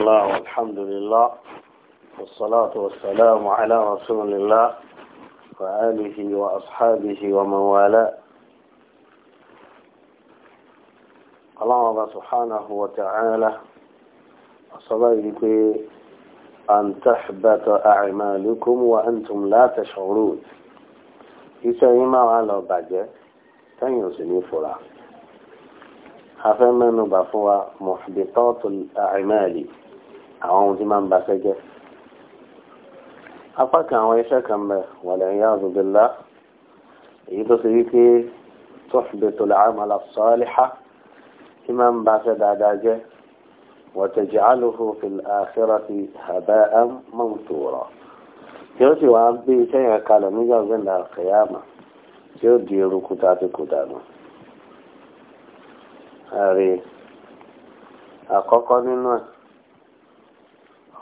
الله والحمد لله والصلاة والسلام على رسول الله وآله وأصحابه ومن والاه الله سبحانه وتعالى أصبحت أن تحبط أعمالكم وأنتم لا تشعرون إسا على بعد تنزل فرع حفظنا نبفوا محبطات الأعمال àwọn ohun tí máa ń ba sẹ́jẹ́ apá kan àwọn iṣẹ́ kan bẹ̀ wọ̀lẹ̀ ìyá àzùbìlá èyí tó ṣe wípé tuhbitu al-amala as-saliha tí máa ń ba sẹ́ dáadáa jẹ́ wataj'aluhu fi al-akhirati haba'an tí ó àkọ́kọ́ nínú ẹ̀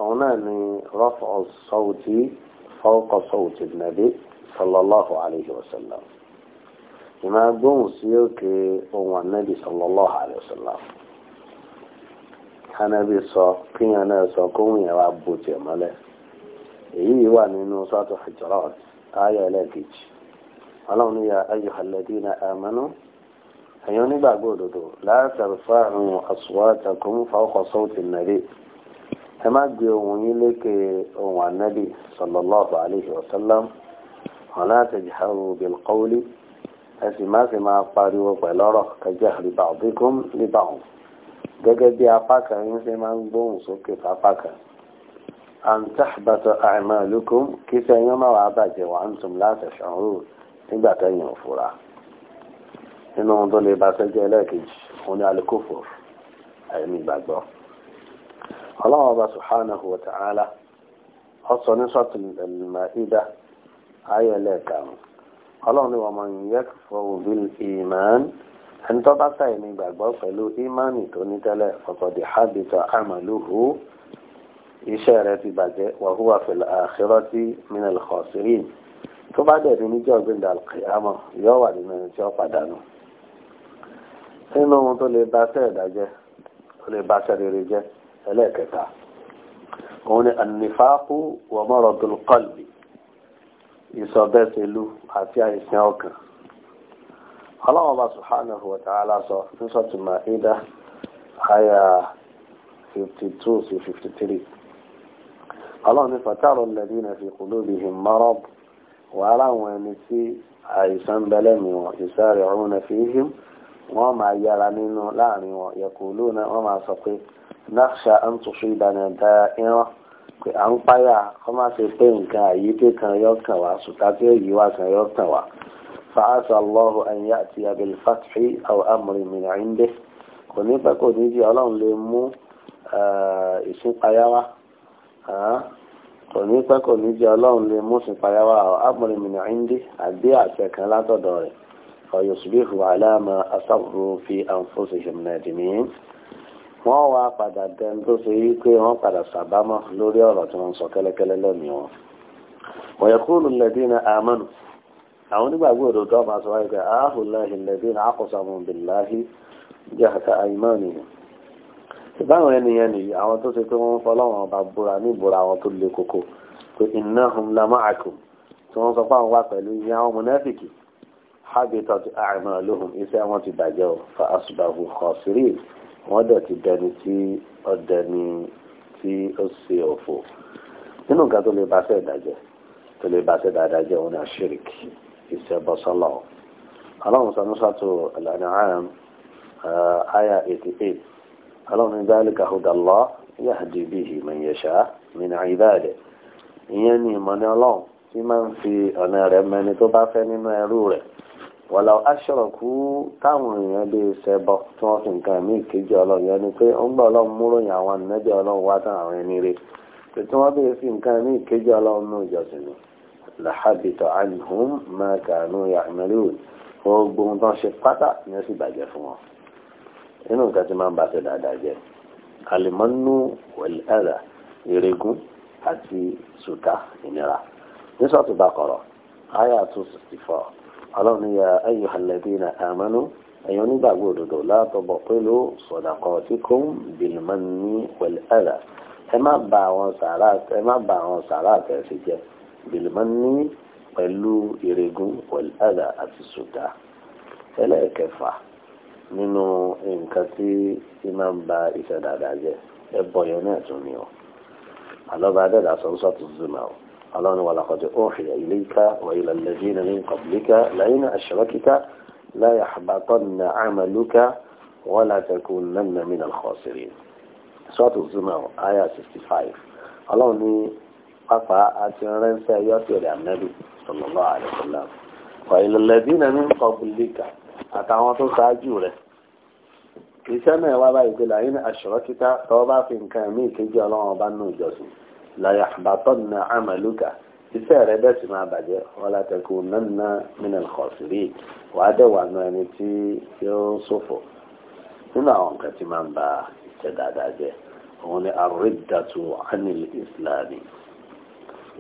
òun náà ni rọ́fọ̀ sọ́ọ̀tì fọ́ọ̀kọ̀ sọ́ọ̀tì nàbí sallallahu alayhi wa sallam ìmọ̀ agbóhùn sí òkè ohun ànábì sallallahu alayhi wa sallam kánábì sọ kíyàn náà sọ kóhùn yẹn wá bó tiẹ̀ mọ́lẹ̀ èyí wà nínú sọ́ọ̀tù Hujurat ayọ̀ ẹlẹ́ẹ̀kejì ọlọ́run ní ya ayyuhal ladina amanu ẹ̀yin onígbàgbọ́ òdodo la tarfa'u aswatakum fawqa sawti an-nabi ẹ má gbé ohùn yín lékè ohùn ànábì sallallahu alayhi wa sallam wala tajharu bil qawli ẹ sì má sì máa pariwo pẹ̀lú ọ̀rọ̀ ka jahri ba'dikum li ba'd gẹ́gẹ́ bí apá kan yín ṣe máa ń gbóhùn sókè fapá kan an tahbata a'malukum kí sẹ́yìn má wàá bàjẹ́ wa antum la tash'urun nígbà tẹ́yìn òfura nínú ohun tó lè ba sẹ́jẹ́ ẹlẹ́ẹ̀kejì òun ni al-kufur ìgbàgbọ́ ọlọ́wọ́ bá subhanahu wa ta'ala ọsọ ní sọ́tún al-Ma'ida ayọ̀ lẹ́ẹ̀karùn ọlọ́run ni wọ́n mọ̀ yẹ́kì fọwọ́ bíi ìmán ẹni tó bá sáyé ní gbàgbọ́ pẹ̀lú ìmánì tó ní tẹ́lẹ̀ fọkọ̀dì hábitọ̀ àmàlúhu iṣẹ́ rẹ̀ ti bàjẹ́ wàhúwà fil akhirati minal khasirin tó bá dẹ̀ ní jẹ́ ọ̀gbìn ẹlẹ́ẹ̀kẹta òun ni ànífàákù wà maradul qalbi ìsọ̀bẹ́sẹ̀lú àti àìsàn ọkàn ọlọ́wọ́n bá subhanahu wa ta'ala sọ ní sọ́tù Maida àyà 52 sí 53 ọlọ́wọ́n ní fatara alladhina fi qulubihim marad wàhálà wọn ẹni tí àìsàn bẹ́lẹ̀mì wọn yusari'una fihim wọ́n máa yára nínú láàrin wọn yaquluna wọ́n máa sọ pé nàṣà à ń tòṣù ìlànà ìdá ìran pé à ń páyà kọ́ má ṣe pé nǹkan àyíké kan yọ kàn wá sùtá tí èyí wá kan yọ kàn wá fàásà lọ́hùn ẹ̀yìn àti abẹ́lẹ̀ fàtìrì àwọn amòrìn mìíràn ń dé kò ní pẹ́ kò ní jẹ́ ọlọ́run lè mú ìsúnpayá wá kò ní pẹ́ kò ní jẹ́ ọlọ́run lè mú ìsúnpayá wá amòrìn mìíràn ń dé àbí àṣẹ kan látọ̀dọ̀ rẹ̀ ọ̀yọ̀sùbíhù aláàmà asáfùrù fi àǹfọ̀ṣẹ̀ṣẹ̀ mìíràn wọ́n wá padà dẹni tó ṣe yí pé wọ́n padà sàbámọ́ lórí ọ̀rọ̀ tí wọ́n sọ kẹ́lẹ́kẹ́lẹ́ lẹ́mìí wọn. wọ̀nyẹ̀kúrò lẹ́dínà àmọ́nù àwọn onígbàgbọ́ òdòdó ọmọ aṣọ wáyé pé àáhùláhì lẹ́dínà àkọsàmù bìláhì jàkàtà àìmọ́nì. ìbáwọn ènìyàn nìyí àwọn tó ṣe pé wọ́n ń fọlọ́wọn ọba búra ní ìbúra àwọn tó le koko pé innahum lama'akum tí wọ́n sọ pé àwọn wà pẹ̀lú ìyá àwọn mùnáfìkì habitat wọ́n dẹ̀ ti dẹni tí ó dẹni tí ó ṣe òfò nínú nǹkan tó lè bá ṣe ìdájẹ́ tó lè bá ṣe dáadáa jẹ́ òun ni àṣírìkì ìṣẹ́bọ sọ́lọ̀ ọlọ́run sọ nusatu al-An'am uh, aya eighty eight ọlọ́run ní dhalika hudallah yahdi bihi man yasha min ibadihi ìyẹn ni ìmọ̀ ní ọlọ́run tí máa ń fi ọ̀nà rẹ̀ mẹ́ni tó bá fẹ́ nínú ẹrú rẹ̀ wọ̀lá aṣọ̀rọ̀kú táwọn èèyàn lè ṣẹbọ tí wọ́n fi nǹkan mí kéjì ọlọ́run yẹn ni pé ó ń gbọ́ ọlọ́run múròyìn àwọn ànábì ọlọ́run wá tán àwọn ẹni rè pé tí wọ́n bèèrè fi nǹkan mí kéjì ọlọ́run nù ìjọsìn ni làhábìtà ànihùn máa kàánú yàmẹ́lú gbogbo ohun tó ń ṣe pátá ni ó sì bàjẹ́ fún wọn inú nǹkan tí máa ń bàtẹ̀ dáadáa jẹ́ alimọ́nú wẹ̀lẹ́rà erégún àti sùtà ìnira ní sọ́ọ̀tù bá kọ̀rọ̀ áyà 264 ọlọ́run ní ya ayyuhal ladina amanu ẹ̀yin onígbàgbọ́ òdodo la tubtilu sadaqatikum bil manni wal adha ẹ má bà àwọn sàrà ẹ má bà àwọn sàrà àtẹ̀sí jẹ bil manni pẹ̀lú ìrègùn wal adha àti sùdà ẹlẹ́ẹ̀kẹfà nínú nǹkan tí ti máa ba iṣẹ́ dáadáa ẹ bọ̀ yẹn náà tún ni ọ àlọ́ bá dẹ́dà sọ́nsọ́ tó zùmọ̀ ọ́ ọlọ́run wà làkọ̀dẹ̀ òfin ilayka wa ila alladhina min qablika la'in ashrakta la yahbatanna 'amaluka wa la takunanna min al-khasirin sọ́ọ̀tù Zumar aya 65 ọlọ́run ní pápá àti ránṣẹ́ yọ́tìrì ànábì sallallahu alaihi wasallam wa ila alladhina min qablika àtàwọn tó ṣáájú rẹ̀ iṣẹ́ náà wá báyìí pé la'in ashrakta tọ́ bá fi nǹkan mí ìkejì ọlọ́run ọba nù ìjọsìn láyà àbátọ́ na àmàlùkà iṣẹ́ rẹ bẹ́ẹ̀ sì máa bàjẹ́ wọn látẹ̀kù nánà mìíràn kọ̀sìrì wàá dẹ̀ wà nù ẹni tí yóò ṣòfò nínú àwọn nǹkan tí máa ń ba iṣẹ́ dáadáa jẹ́ òun ni àrídàtú anil islami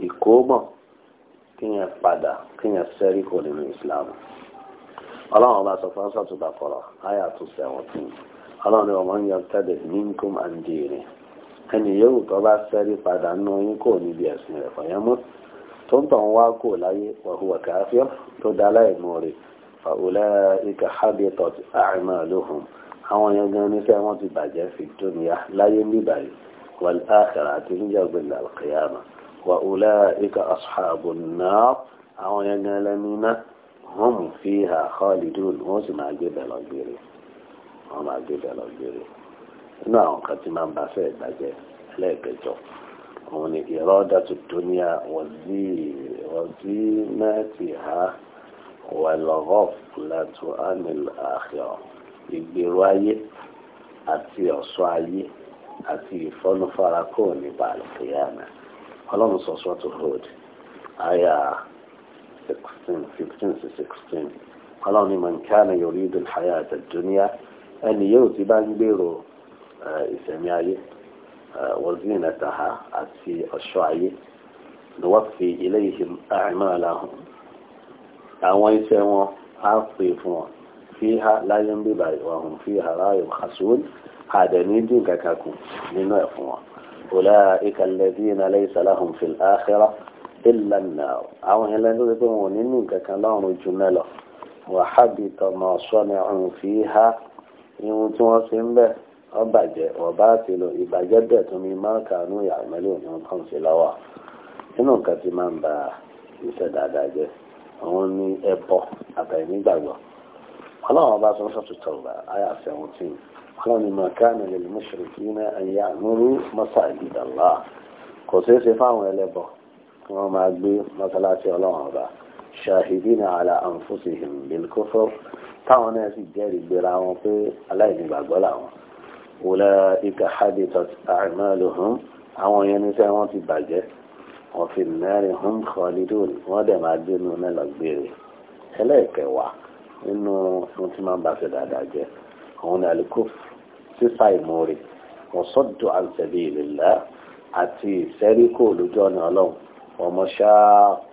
ìkómọ̀ kíyàn padà kíyàn sẹ́rí kò nínú ìsìlámù ọlọ́run ọba sọ fún ọ́sàtúbà kọ́lọ̀ ayà tó sẹ́wọ̀n tún ọlọ́run ni ọmọ ń yan tẹ́lẹ̀ minkum àǹdí rẹ̀ ẹni yòówù tó bá sẹ́rí padà nù yín kò níbi ẹ̀sìn rẹ̀ fọyán mọ́ tó ń tàn wá kò láyé wàhùwà káfíọ́ tó dá láìmọ̀ rẹ̀ fàwọlẹ́ ìkà hábìtọ̀ àìmọ̀ lóhùn àwọn yẹn gan níṣẹ́ wọn ti bàjẹ́ fi dúnìyà láyé níbà yìí wàl áàkàrà àti níjàgbé làlùkìyàmà wàhùlẹ́ ìkà àṣàbò náà àwọn yẹn gan lẹ́nu iná wọ́n mú fi hà kọ́lìdún wọ́n sì máa nínú àwọn kan tí máa ń baṣẹ́ ìbàjẹ́ lẹ́ẹ̀kẹjọ òun ni ìrọ́dàtú dúníà wọ́zí mẹ́tì ha wẹ̀lọ́gọ́fùlẹ́tù ánìl àhìọ́ ìgbèrú ayé àti ọ̀ṣọ́ ayé àti ìfọ́nufara kò ní bàlùkìyàmẹ́ ọlọ́run sọ̀sọ́ tó hold aya 16 15 sí 16 ọlọ́run ni mọ̀nkánà yorùbá ìdúnhàyà àtẹ̀dúníà ẹni yóò ti bá ń gbèrò Eh, ìsẹ̀mí ayé eh, wazinataha àti ọ̀ṣọ́ ayé nuwaffi ilayhim a'malahum àwọn iṣẹ́ wọn á pè fún wọn fiha láyé ń bíbà wa hum fiha la yubkhasun àdẹ̀ní dín kankan kù nínú ẹ̀ fún wọn ulaika alladhina laysa lahum fil akhirah illa an-nar àwọn ẹlẹ́ tó pé wọn nínú kankan lọ́rùn jù náà lọ wa habita ma sani'u fiha ihun tí wọ́n ṣe ń bẹ́ẹ̀ ọbàjẹ́ ọba ti lo ìbàjẹ́ bẹ̀ tó mi máa kàánú ìyàmẹ́lò ní nǹkan ṣe lọ́wọ́ nínú nǹkan tí máa ń ba iṣẹ́ dáadáa jẹ́ àwọn ní ẹbọ àtàìnígbàgbọ́ ọlọ́run ọba tó ń sọ tuntun ọba àyà seventeen ọlọ́run ni màkánà lè mú ṣèlú ní ẹ̀yà àmúrú mọ́sá ìdìdàlá kò ṣeé ṣe fáwọn ẹlẹ́bọ kí wọ́n máa gbé mọ́sálásí ọlọ́run ọba ṣàhìdínà àlà àǹfóṣìhìn bílkófó táwọn náà sì jẹ́rìí gbéra wọn pé aláìnígbàgbọ́ làwọn أولئك حبطت أعمالهم àwọn yẹn ní sẹ́ wọ́n ti bàjẹ́ ọ̀fìn mẹ́rin hum khalidun wọ́n dẹ̀ máa dénú mẹ́lọ gbére ẹlẹ́ẹ̀kẹwàá nínú ohun tí máa ń bàṣẹ dáadáa jẹ òun ni alikuf sísá ìmúre ọ̀sọ́dù àǹsẹ̀bí ìlélá àti ìsẹ́ríkò lójú ọ̀nà ọlọ́run ọmọṣá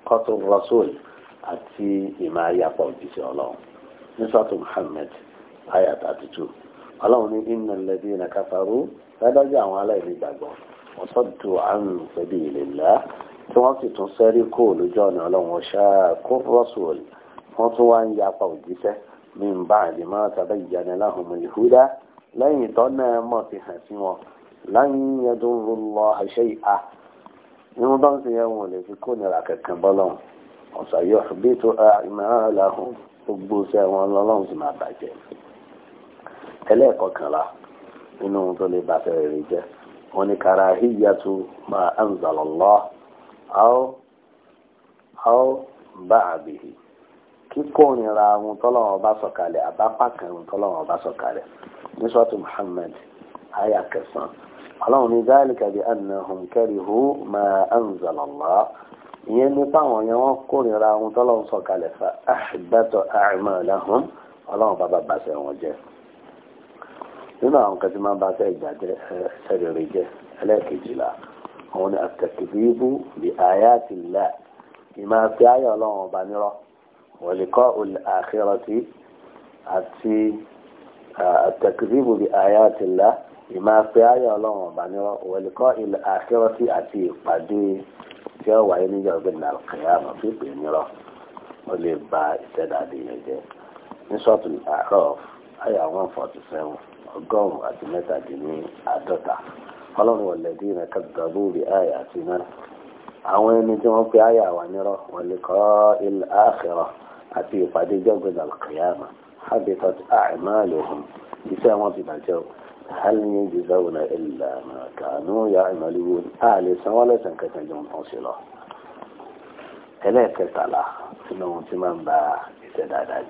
kọ́tù rasul àti ìmáyàpọ̀ òjíṣẹ́ ọlọ́run nísàtú Muhammad ayat àtútù ọlọ́run ní innal ladhina kafaru ládájọ́ àwọn aláìní gbàgbọ́ wọ́n sọ́dù an sabilillah tí wọ́n sì tún sẹ́rí kó lójú ọ̀nà ọlọ́run ọ̀ṣà kó rasul wọ́n tún wá ń yapa òjíṣẹ́ min ba'di ma tabayyana lahumul huda lẹ́yìn tó náà mọ̀ ti hàn sí wọn lan bá ń sìn yẹn wọn lè fi kó nira kankan bọ́ lọ́wọ́ ọ̀sà yóò bí tó sẹ́wọ̀n sì máa bàjẹ́. ẹlẹ́ẹ̀kọkànlá nínú ohun tó lè bàtẹ rere jẹ́ wọn ni hiyatu, ma anzalallah aw aw ba'dihi kíkórìíra ohun tọ́lọ́wọ́n bá sọ̀kalẹ̀ àbápàkàn ohun tọ́lọ́wọ́n bá sọ̀kalẹ̀ ní sọ́tù Muhammad aya kẹsàn-án ọlọ́run ní dhalika bi annahum karihu ma anzalallah ìyẹn nípa àwọn yẹn wọ́n kórìíra ohun tọ́lọ́wọ́n sọ̀kalẹ̀ fa ọlọ́run bàṣẹ wọn jẹ́. nínú àwọn kan tí máa ń bá sẹ́ ìgbà jẹ́ sẹ́rẹ̀rẹ̀ jẹ́ ẹlẹ́ẹ̀kejìlá òun ni àtẹ̀kìbíbú bí àyà ti lẹ̀ ìmọ̀ àti ayọ̀ ọlọ́run ọba nírọ̀ wọ̀lẹ́kọ́ àkírọ̀tì àti àtẹ̀kìbíbú bí àyà ti lẹ̀ ìmọ̀ àti ayọ̀ ọlọ́run ọba nírọ̀ wọ̀lẹ́kọ́ àkírọ̀tì àti ìpàdé tí ó wáyé níjọ́ gbẹ̀dẹ̀ àkàyàmọ̀ àyà one forty seven ọgọ́rùn-ún àti mẹ́tàdínní àádọ́ta ọlọ́run ọ̀lẹ́dí rẹ̀ kẹ́gbàgbó rí àyà àti náà àwọn ẹni tí wọ́n pe àyà wà nírọ̀ wọ́n lè kọ́ ilẹ̀ àkẹrọ àti ìpàdé jọ́gbìn alkiyama habitat a'maluhum iṣẹ́ wọn ti bàjẹ́ o hal yujzawna illa ma kanu ya'malun àlè sanwó lẹ́sàn kẹta jẹun tán sí lọ ẹlẹ́ẹ̀kẹtàlá sínú ohun tí máa ń ba iṣẹ́ dáadáa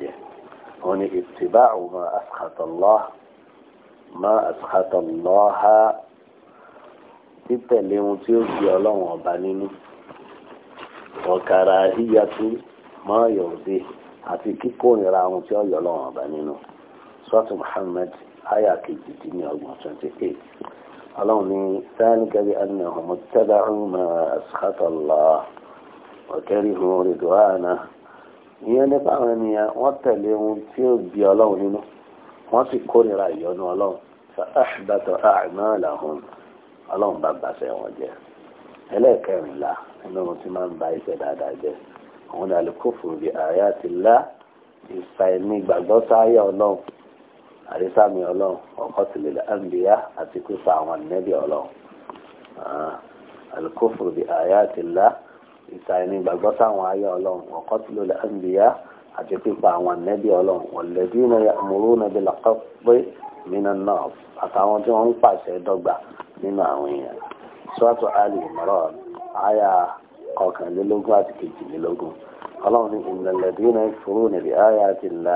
wọ́n ní ما ma الله ما ma الله Allah títẹ̀lé ohun tí ó fi ọlọ́run ọba nínú wa karahiyatu ma yurdi àti kíkó ìnira ohun tí ó yọ ọlọ́run ọba nínú sọ́ọ̀tù Muhammad aya kejì dín ní ọgbọ̀n twenty eight ọlọ́run ní dhalika bi annahum ittaba'u ma askhata Allah wa karihu ridwanahu ìyẹn ní fáwọn ènìyàn wọ́n tẹ̀lé ohun tí ó bí ọlọ́run nínú wọ́n sì kórìíra ìyọnu ọlọ́run fàáṣìbàtọ̀ àìmọ́ọ̀là ọ̀hún ọlọ́run bá gbàṣẹ wọn jẹ ẹlẹ́ẹ̀kẹrìnlá nínú ohun tí máa ń ba iṣẹ́ dáadáa jẹ òun ni àlékòfò bíi àyà ti lá ìsàìní gbàgbọ́ sáyà ọlọ́run àrísàmì ọlọ́run ọkọ̀ tìlẹ̀ àǹbíyá àti pípa àwọn ànẹ́bí ọlọ́run àlékòfò bíi àyà ti lá ìsàìní gbàgbọ́ sáwọn ayé ọlọ́run ọ̀kọ́ tí ló lè ń bìyà àti pípa àwọn ànẹ́bí ọlọ́run wọ̀lẹ́bí náà múrú nàbí lọ́kọ́ pé mìíràn náà àtàwọn tí wọ́n ń pàṣẹ dọ́gba nínú àwọn èèyàn sọ́tò ali imran aya kọkànlélógún àti kejìlélógún ọlọ́run ní ìnàlẹ́bí náà fúrú nàbí aya ti là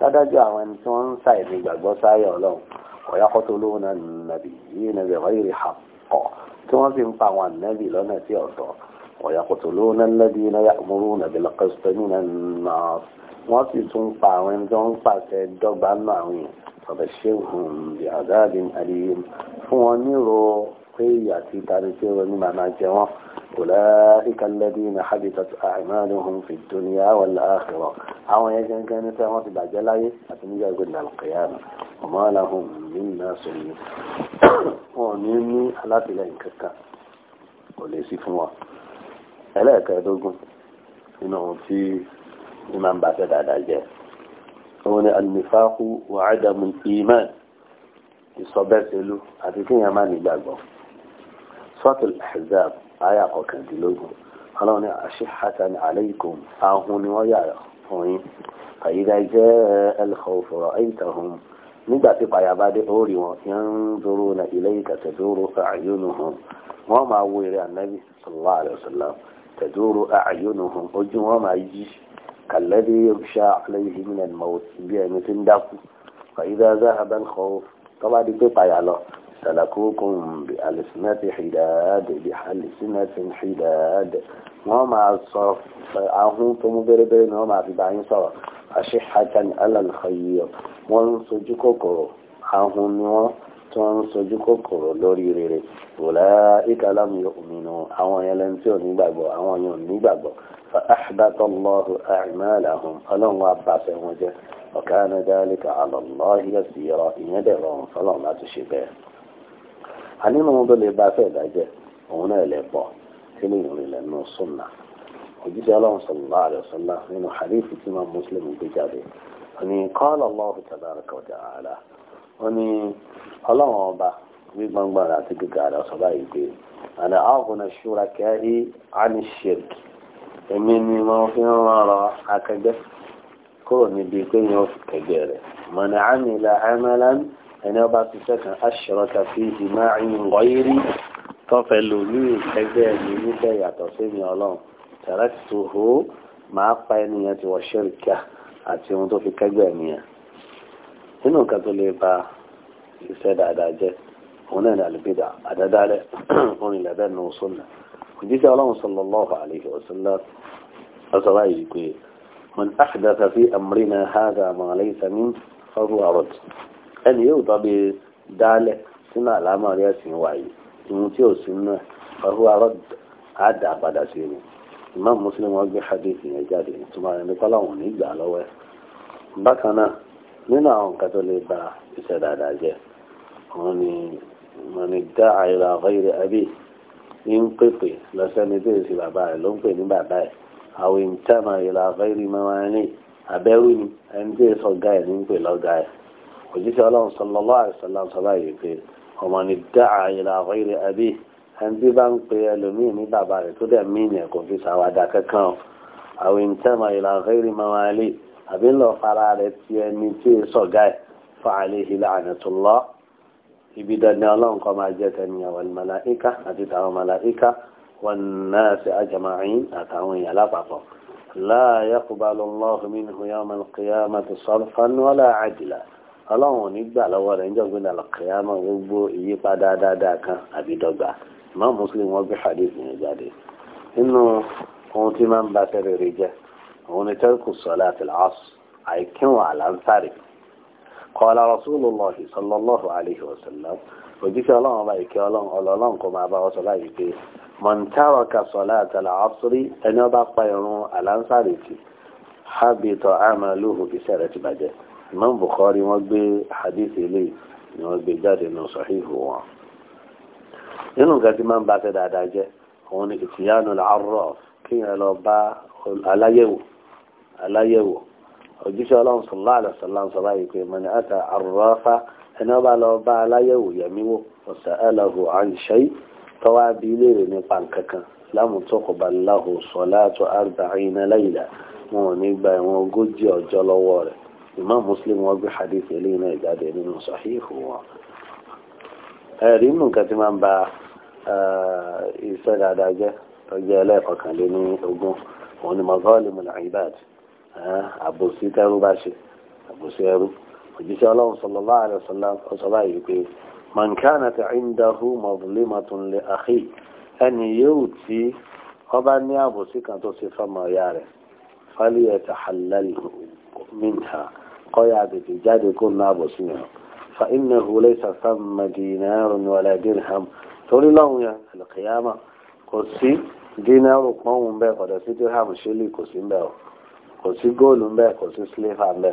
dádájọ́ àwọn ẹni tí wọ́n ń sàìní gbàgbọ́ sáyé ọlọ́run ọ̀yàkọ́tò ويقتلون الذين يأمرون بالقسط من النار وفيتم فعوين جون فاسد دوبا معوين فبشرهم بعذاب أليم فوانيرو قياتي تاريخي ونمانا جوا أولئك الذين حدثت أعمالهم في الدنيا والآخرة أو يجن كانت في بعد جلعي أتنجا القيامة وما لهم من ناصرين ونمي على تلين كتا وليس فوانيرو ẹlẹ́ẹ̀kẹ́ẹ̀dógún nínú ohun tí ní máa ń bá fẹ́ dáadáa jẹ́ òun ni alìmífáàkú wà ádámù ìmọ̀ ìsọbẹ́sẹ̀lú àti kíyàn má nígbàgbọ́ sọ́tù ahzab ayà ọ̀kàndínlógún ọlọ́run ni àṣìhàtà ní alaykum ahun ni wọ́n yà fún yín fàyídà jẹ́ ẹlẹ́kọ̀ọ́fọ̀rọ̀ ẹ̀yìntàhùn nígbà tí payaba dé orí wọn yẹn ń dúró na ilé ìkàtẹ̀dúró àyónú hàn wọ́n máa wo eré ànábì sallallahu alayhi wa تدور أعينهم أجوا ما يجي كالذي يغشى عليه من الموت بأمة داك فإذا ذهب الخوف طبعا دي على سلكوكم بألسنة حداد بألسنة حداد وما الصف فأهم تمبربين وما في بعين صف أشحة على الخير وانصجككم أهم tó ń sojú kòkòrò lórí rere wòlá ìkàlámù òmìnira àwọn yẹn lẹ́nu tí ò nígbàgbọ́ àwọn yẹn ò nígbàgbọ́ fa àṣìbátọ́ lọ́rù àìmáàlà hùn ọlọ́run àbàṣẹ wọn jẹ ọ̀kánà dálíkà àlọ́lọ́ yẹ sí ọ ìyẹn dẹ̀ rọrùn fọlọ́run láti ṣe bẹ́ẹ̀. ànínú wọn tó lè bá fẹ́ ìdájẹ́ òun náà lè bọ̀ tí lè rìn lẹ́nu súnà òjíṣẹ́ ọlọ́run sọ̀rọ̀ àdàsọ́lá nínú hadith tí máa Muslim gbé jáde òní kọ́ ó ní ọlọ́run ọba ní gbangban àti gíga rẹ̀ sọ báyìí pé àná àwọn ìṣúra kẹ́rí àní ṣèkì èmi ni mo fi ń rọrọ akẹgbẹ́ kúrò níbi pé yẹn ó fi kẹgbẹ́ rẹ̀ mọ̀nà àmì ilà ẹ̀mẹ́lẹ́n ẹni ọba ti sẹ́kàn aṣọ́rọ̀kà fi ìmọ̀ ìyìn wọ́yírí tọ́fẹ́ lò ní ìkẹgbẹ́ mi níbẹ̀ yàtọ̀ sí mi ọlọ́run tẹ̀rẹ́ tó hó máa pa ẹniyàn ti wọ́ ṣèkà àti ohun tó fi kẹgbẹ́ mi yẹn nínú nǹkan tó lè ba iṣẹ́ dáadáa jẹ́ òun náà ní àlùbídà àdádálẹ̀ orin ìlẹ̀bẹ̀ nù sọ́nà òjíṣẹ́ ọlọ́run sallallahu alaihi wa sallam ọ̀sọ̀ báyìí pé man ahdatha fi amrina hadha ma laysa min fahu arad ẹni yóò bá bi dálẹ̀ sínú àlámà rí ẹ̀sìn wáyé ìhun tí ò sí náà fahu arad á padà sí ni Imam Muslim wọn gbé hadith yẹn jáde ìtumọ̀ ẹni kọ́lá nínú àwọn nǹkan tó lè ba iṣẹ́ dáadáa jẹ́ wọn ni mọ̀nì dá àìlà ọ̀rẹ́ ẹbí ń pèpè lọ́sẹ́ni tí èsì bàbá rẹ̀ ló ń pè ní bàbá ẹ̀ àwọn ìtẹ́mọ̀ àìlà ọ̀rẹ́ máa ní abẹ́rù ni ẹni tí èsì ọ̀gá ẹ̀ ní ń pè lọ́gá ẹ̀ òjíṣẹ́ ọlọ́run sallallahu alaihi wasallam sọ báyìí pé ọmọ ni dá àìlà ọ̀rẹ́ ẹbí ẹni tí bá ń pe ẹlòmíì ní bàbá rẹ̀ tó dẹ̀ mí àbí lọ fara rẹ̀ ti ẹni tí ì sọ̀gá ẹ̀ fa àlehi la'natullah ibi dandan ọlọ́run kọ́ máa jẹ́ tẹniyàn wal màláíkà àti tàwọn màláíkà wan nasi ajma'in àtàwọn èèyàn lápapọ̀ la yaqbalu Allahu minhu yawm al-qiyamati sarfan wala adla ọlọ́run ní gbà lọ́wọ́ rẹ̀ níjọ́ gbé al-qiyama gbogbo ìyípadà dáadáa kan àbí dọ́gba Imam Muslim wọn gbé hadith yẹn jáde nínú ohun tí máa ń ba tẹ́lẹ̀ rẹ̀ jẹ́ òun ni tẹ́kù sọ́lá àti làásù àìkíwọn àlàntàrí kọ́lá rasulullahi sallallahu alayhi wa sallam òjíṣẹ́ ọlọ́run ọba ìkẹ́ ọlọ́run ọlọ́run kò máa bá ọ sọ báyìí pé mọ̀ntàrọ̀kà sọ́lá àti làásù rí ẹni ọba pa irun àlàntàrí ti habitọ̀ amaluhu iṣẹ́ rẹ̀ ti bàjẹ́ imam bukhari wọ́n gbé hadith eléyìí ni wọ́n gbé jáde nù sọ̀híhù wọn nínú nǹkan tí máa ń ba ṣe dáadáa jẹ́ òun ni ìtìyánu làárọ̀ kíyàn lọ bá aláyẹ̀wò aláyẹ̀wò òjíṣẹ́ ọlọ́run sọ̀lá àlọ́sọ̀lá ń sọ báyìí pé mọ̀nà àtà àrùrọ́fà ẹni ọba lọ bá aláyẹ̀wò yẹ̀míwò ọ̀sẹ̀ ẹlẹ́hu àǹṣẹ́ tọ́wá bí léèrè nípa nkankan lámùtọ́kọ̀bá láhù sọ̀lá tó àrùbáyìn aláìlá wọn ò ní gba ẹ̀wọ̀n ogójì ọjọ́ lọ́wọ́ rẹ̀ Imam Muslim wọn gbé hadith eléyìí náà jáde nínú sàhíhù wọn. ẹ̀rí nù nǹkan tí máa ń ba iṣẹ́ dáadáa jẹ́ tọ́jú ẹlẹ́ẹ̀kọ̀kànlé òun ni mazalimu al-ibad àbòsí tẹ́rú bá ṣe àbòsí ẹrú òjíṣẹ́ ọlọ́run sallallahu alaihi wasallam ọ̀sọ̀ báyìí pé man kanat indahu mazlimatun li akhi ẹni yóò tí ọba ní àbòsí kan tó ṣe fọmọ ọ̀yá rẹ̀ falyatahallalhu minha kọ́yà tètè jáde kó ná àbòsí yẹn fa innahu laysa thamma dinarun wala dirham torí lọ́hùn yẹn al kò sí dínárù pọ́hùn bẹ́ẹ̀ kọ̀dọ̀ sí dirham ṣẹlẹ̀ kò sí bẹ́ẹ̀ o kò sí góòlù mbẹ kò sí sílífà mbẹ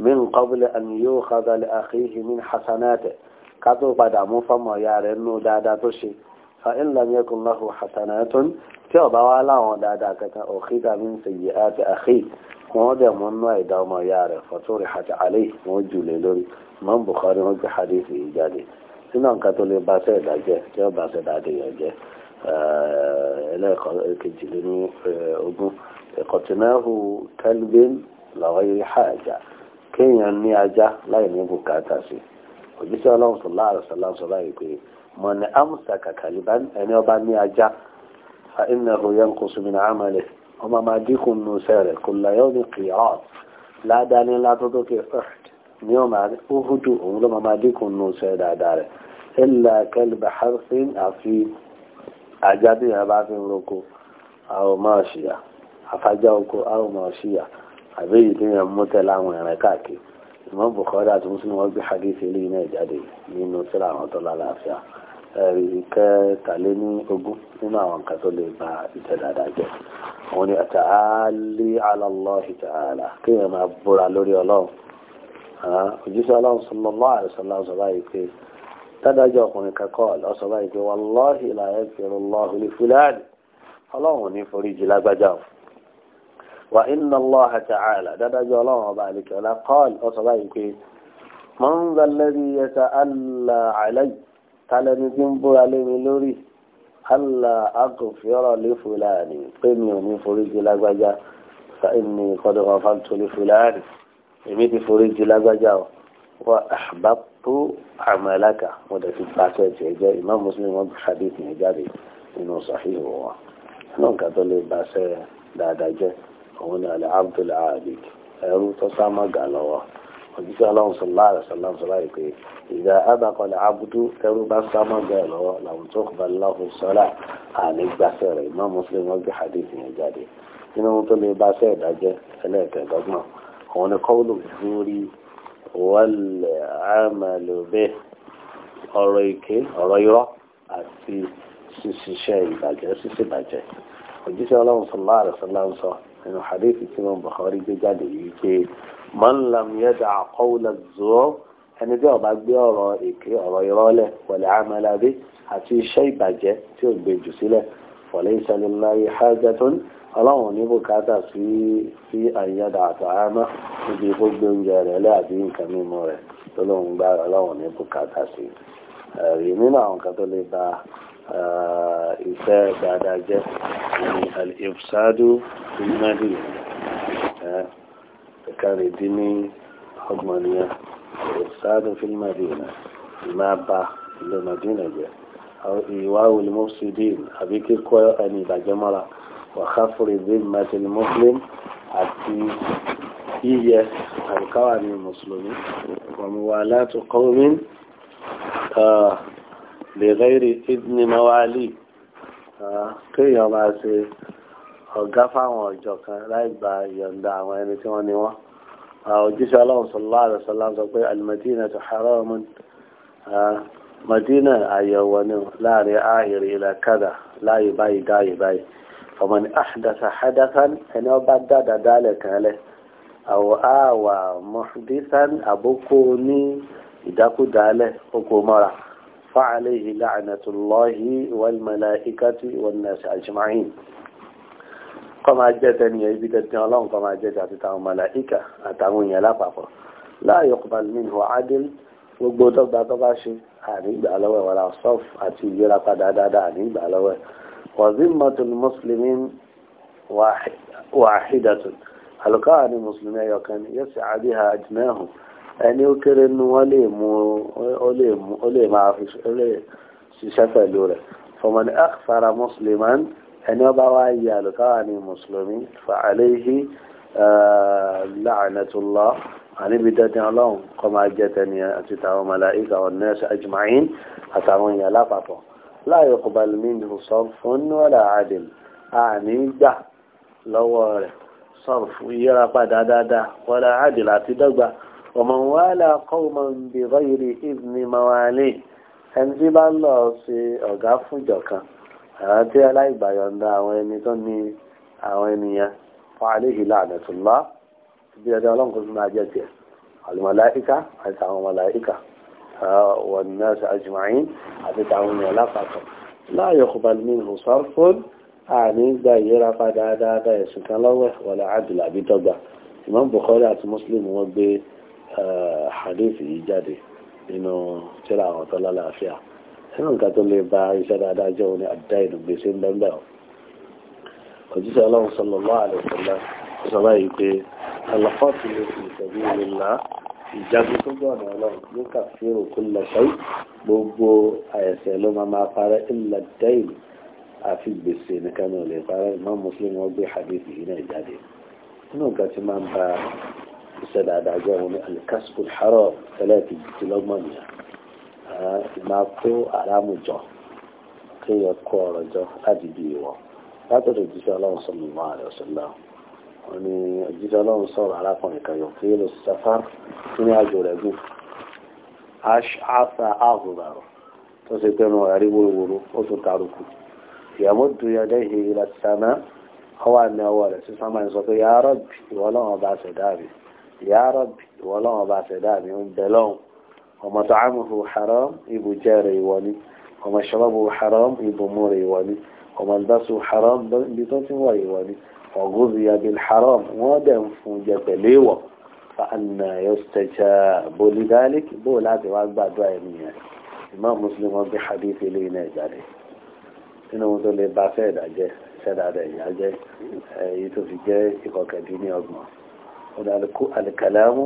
min qabli an yukhadha li akhihi min hasanatihi kátó padà mú fọmọ ìyá rẹ̀ nù dáadáa tó ṣe fa in lam yakun lahu hasanatun tí ọba wa láwọn dáadáa kankan ukhidha min sayyi'ati akhihi wọn dẹ̀ mú nú ẹ̀dá ọmọ ìyá rẹ̀ faturihat alayhi wọn jù lé lórí Imam Bukhari wọn gbé hadith yìí jáde sínú nǹkan tó lè ba sẹ́ ẹ̀kọ̀tìnáhù kalbin lọ́wọ́ yìí hájà kéèyàn ní ajá láì ní bùkátà sí òjíṣẹ́ ọlọ́run sọlá àrùsọlá sọ báyìí pé mọ̀ ní amúsà kàkàlì bá ẹni ọba ní ajá fa iná ròyìn kò sùn mìíràn àmàlẹ̀ ọmọ máa dínkù nù sẹ́rẹ̀ kò láyọ̀ ní kìíyàn ládàáni látọ́tọ́kẹ́ ọ̀hd ní ọmọ òhudu òun ló máa dínkù nù sẹ́rẹ̀ dáadáa rẹ̀ ilà kẹlìbà harfin àfi ajá bí yàrá bá fi ń roko àwọn máa ṣìyà afájá oko àwọn ọ̀ṣíyà àbí èyí tó yẹn mú tẹ́lẹ̀ àwọn ìrìn káàkiri ìmọ̀ Bukhari àti Muslim wọ́n gbé hadith eléyìí náà jáde nínú síra àwọn tó lálàáfíà kẹtàléní ogún nínú àwọn nǹkan tó lè ba ìjẹ dáadáa jẹ òun ni àtàálí alọ́lọ́hì tààlà kéèyàn máa búra lórí ọlọ́run òjíṣẹ́ ọlọ́run sọlọ́lá àìsọ̀lá sọ báyìí pé dádájọ́ ọkùnrin kẹ́kọ̀ọ́ lọ́sọ báyìí pé wàlọ́hì làyẹ̀ fẹ́rẹ̀ lọ́hùn ní fúláàdì ọlọ́run ní foríjì lágbájá o وإن الله تعالى دادا جوالان ذلك ولا قال أصبعك من ذا الذي يتألى علي قال نجنب علي ملوري ألا أغفر لفلان قمي من فريج لغجا فإني قد غفرت لفلان يميت فريج لغجا وأحببت عملك وده في الباكات جاء إمام مسلم حديث نجاري إنه صحيح هو نون كتولي باسه دادا جاء òun ni alẹ́ abdul abid ẹrú tó sáma gà lọ́wọ́ òjíṣẹ́ aláwọ̀ sọlá àṣàlá sọlá yìí pé ìdá abakọ̀lẹ̀ abudu ẹrú bá sáma gà lọ́wọ́ làwọn tó kọ̀ bá lọ́hùn sọlá àní gbàṣẹ rẹ̀ Imam Muslim wọn gbé hadith yẹn jáde nínú ohun tó lè bá ṣe ìdájẹ́ ẹlẹ́ẹ̀kẹ́dọ́gbọ̀n òun ni kọ́wùlù zúrí wàlẹ̀ àmàlùbẹ́ ọ̀rọ̀ ìké ọ̀rọ̀ irọ́ àti ṣíṣiṣẹ́ ìbàjẹ́ ọlọ́run sọlá àrẹ̀sọ́lá ń nínú hadithi tí wọn Bukhari gbé jáde yìí pé man lam yada qawla az-zur ẹni tí ó bá gbé ọ̀rọ̀ èké ọ̀rọ̀ ìrọlẹ wal amala bi àti iṣẹ́ ìbàjẹ́ tí ó gbé jù sílẹ̀ falaysa lillahi hajatun ọlọ́run ní bùkátà sí sí àyíyádà àtàrámá níbi kó oúnjẹ rẹ̀ láàbí nǹkan mímu rẹ̀ tó lóun gbá ọlọ́run ní bùkátà sí ẹ̀rí nínú àwọn kan tó lè ba إنسان آه، بعد ذلك الإفساد في المدينة آه، كان الديني حكمانية الإفساد في المدينة ما با المدينة أو إيواء المفسدين أبيك كوي أني بجمرة وخفر ذمة المسلم أتي هي القوانين المسلمين وموالاة قوم آه lẹ́gẹ́rì ìdíni mọ́wálì kéèyàn máa ṣe ọ̀gá fáwọn ọ̀jọ̀ kan láì gba ìyọ̀ǹda àwọn ẹni tí wọ́n ní wọ́n òjíṣẹ́ ọlọ́run sọ̀lá àrẹ̀sọ̀lá sọ pé alimadina ti haramun madina àyẹ̀wò ni láàrin ààrẹ ilẹ̀ kádà láyé báyìí dáyé báyìí ọmọ ni àdàtà àdàtà ẹni ọba dáadáa dálẹ̀ kan lẹ̀ àwọ̀ àwà mọ̀dísán àbókò ní ìdákúdálẹ̀ ó mọ́ra. فعليه لعنة الله والملائكة والناس أجمعين كما جتني يبدت الله كما جت الملائكة أتعون يلا بابا لا يقبل منه عدل وبوتو بابا باشي àní gbà lọ́wọ́ ẹ̀ wàlá sọ́f àti ìyẹra padà dáadáa àní gbà lọ́wọ́ ẹ̀ wàzímọ̀tún mùsùlùmí wàhídàtún àlùkáwà ni mùsùlùmí ẹ̀yọ̀kan yẹ́sì àdíhà àjùmẹ́hùn ẹni ó kéré nu wọn lè mú ó lè máa fi ṣiṣẹ́ pẹ̀lú rẹ̀ fọmọdé akfara ah, musliman ẹni ọba wa yí àlùkáwà ní mùsùlùmí fa alayhi la'anatullah àníbi dandan ọlọ́run kọ́ máa jẹ́ tẹni àti tàwọn màláìka ọ̀nẹ́sì ajma'in àtàwọn èèyàn lápapọ̀ láàyò kọbalmín hùsọ́n fún níwọ̀lá àdìl àní gbà lọ́wọ́ rẹ̀ sọ́ọ̀fù yíra padà dáadáa wọ́lá àdìl àti dọ́gba ọmọ wa là kọ́ọ̀mọ̀ bìrọ̀ ìrì ìbùnì mọ́wálé ẹni tí bá ń lọ sí ọ̀gá fúnjọ kan àwọn tí aláìgbàyọ̀ǹda àwọn ẹni tó ní àwọn ènìyàn fún aléhìí lànàtúlá bí ẹjọ́ ọlọ́run kò tún máa jẹ́ tiẹ̀ àlùmọ̀láìka àti àwọn ọmọláìka wọn náà ṣe àjùmáyín àti tàwọn ènìyàn lápapọ̀ láàyò kò balẹ̀ àní gba ìyẹra padà dáadáa ẹ̀sùn kan lọ́wọ́ wọlé àdùlà bí dọ́gba Imam Bukhari àti Muslim wọ́n gbé Eh, hadith yìí jáde nínú tíra àwọn tó lálàáfíà sínú nǹkan tó lè ba iṣẹ́ dáadáa jẹ́ òun ni àdá ìlú gbèsè ń bẹ́ẹ̀ òjíṣẹ́ ọlọ́run sallallahu alaihi wasallam sọ báyìí pé àlàfọ́ọ̀tì lè fi ìtẹ̀bí ìlà ìjagun tó gbọ́ ọ̀nà ọlọ́run ló kà sí òkú lọ́sẹ̀ gbogbo àìsẹ̀ ló máa máa parẹ́ ìlà dẹ́yìn àfi gbèsè nìkan ní olè parẹ́ ìmọ̀ mùsùlùmí wọn gbé hadith yìí náà jáde nínú nǹkan tí máa ń ba iṣẹ́ dáadáa jẹ́ òun ní alikasipul harọ ẹlẹ́ẹ̀kì ti lọ́gbọ̀n nìyà máa kó àrámù jọ kéèyàn kó ọ̀rọ̀ jọ láti bí ìwọ̀ látọ̀dọ̀ jíṣẹ́ ọlọ́run sọ̀rọ̀ mọ́ àrẹ ọ̀sọ̀lá wọn ni jíṣẹ́ ọlọ́run sọ̀rọ̀ arákùnrin kan yọ kí ló safar nínú àjò rẹ̀ gùn aṣáfà àhùràrọ̀ tó ṣe pé wọn rí wórówóró ó tún tarukú ìyàmó duyọdẹ ìhìlẹ̀ sàmà ọwọ́ àmì ọwọ́ rẹ̀ sísan máa ń sọ pé yàrá ìwọ́lọ́wọ́n bá ṣẹ̀dá rẹ̀ يا رب والله بعد دامي وندلون ومطعمه حرام يبو جاري ولي ومشربه حرام يبو موري ولي وملبسه حرام بطوت وري ولي وغذي بالحرام ودم فوجة ليوة فأنا يستجاب لذلك بولاد وعبا دعيني إمام مسلم بحديث لينا جاري إنه مثل بعثة دعجة سدعة دعجة أي تفجة إقاكديني أضمه الكلام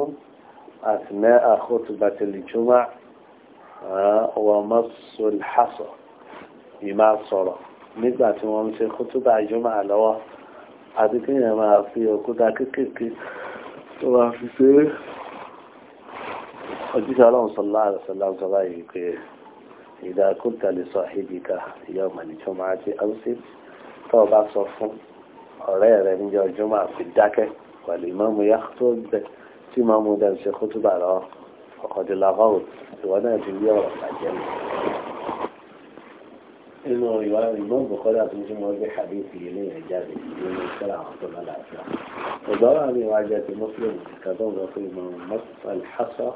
أثناء خطبة الجمعة ومص الحصى بما صرى nígbà tí wọ́n ń ṣe kútúbà ìjọba àlọ́wọ́ àti kí èèyàn máa fi òkúta kéékèèké tó máa fi ṣe é òjíṣẹ́ ọlọ́run sọlá àrẹ̀sọlá sọlá yìí pé ìdákúta lè sọ àhíbìkà ìyá ọmọ ìjọba àti ánsì tó o bá sọ fún ọ̀rẹ́ rẹ níjọ́ ìjọba àfi dákẹ́ والإمام يخطب سيما مودان از على فقد لغوت وانا جميع رفعتين إنه رواية الإمام بخاري أصلا جمع بحديث يلي إعجابي من السلع عطل العافية وضرع بواجهة مسلم كتب رفع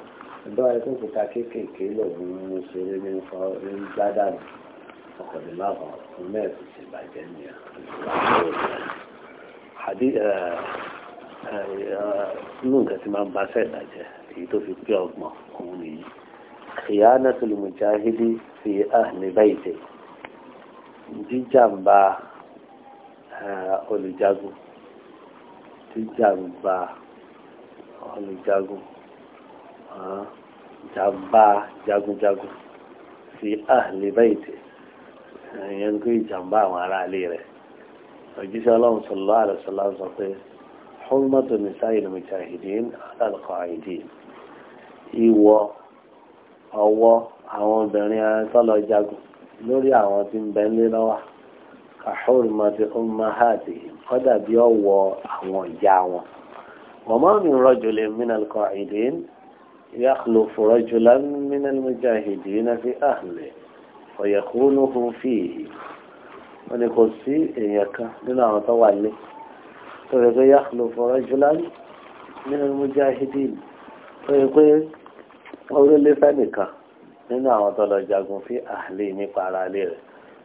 دارا ایتون که الدعاء که که تعكيك كيلو من فارم بعد فقد لغوت و في بگیم حدیث آه، inú nǹkan tí máa ń ba sẹ́ẹ̀dá jẹ èyí tó fi pé ọgbọ̀n òun nìyí khiyanatul mujahidi fi ahli bayti jíjàmbá olùjagun jíjàmbá olùjagun jàmbá jagunjagun fi ahli bayti ìyẹn ń gbé ìjàmbá àwọn aráalé rẹ̀ òjíṣẹ́ ọlọ́run sallallahu alaihi wasallam sọ pé hurmatu nisa'il mujahidin ala al-qa'idin ìwọ ọwọ́ àwọn obìnrin tọ́lọ jagun lórí àwọn tí ń bẹ ń lé lọ́wọ́ ka hurmati ummahatihim kọ́dà bí ọwọ́ àwọn ìyá wọn wa ma min rajulin min al-qa'idin يخلف رجلا من المجاهدين في أهله فيخونه فيه ونقول سي إياك لنا نتوالي tó rẹ̀ pé yàkùlù fọ̀rọ̀ jùláì nínú mujahideen tó yẹ pé orílẹ̀-èdè nìkan nínú àwọn tó lọ jagun fi àhlè nípa ara ilé rẹ̀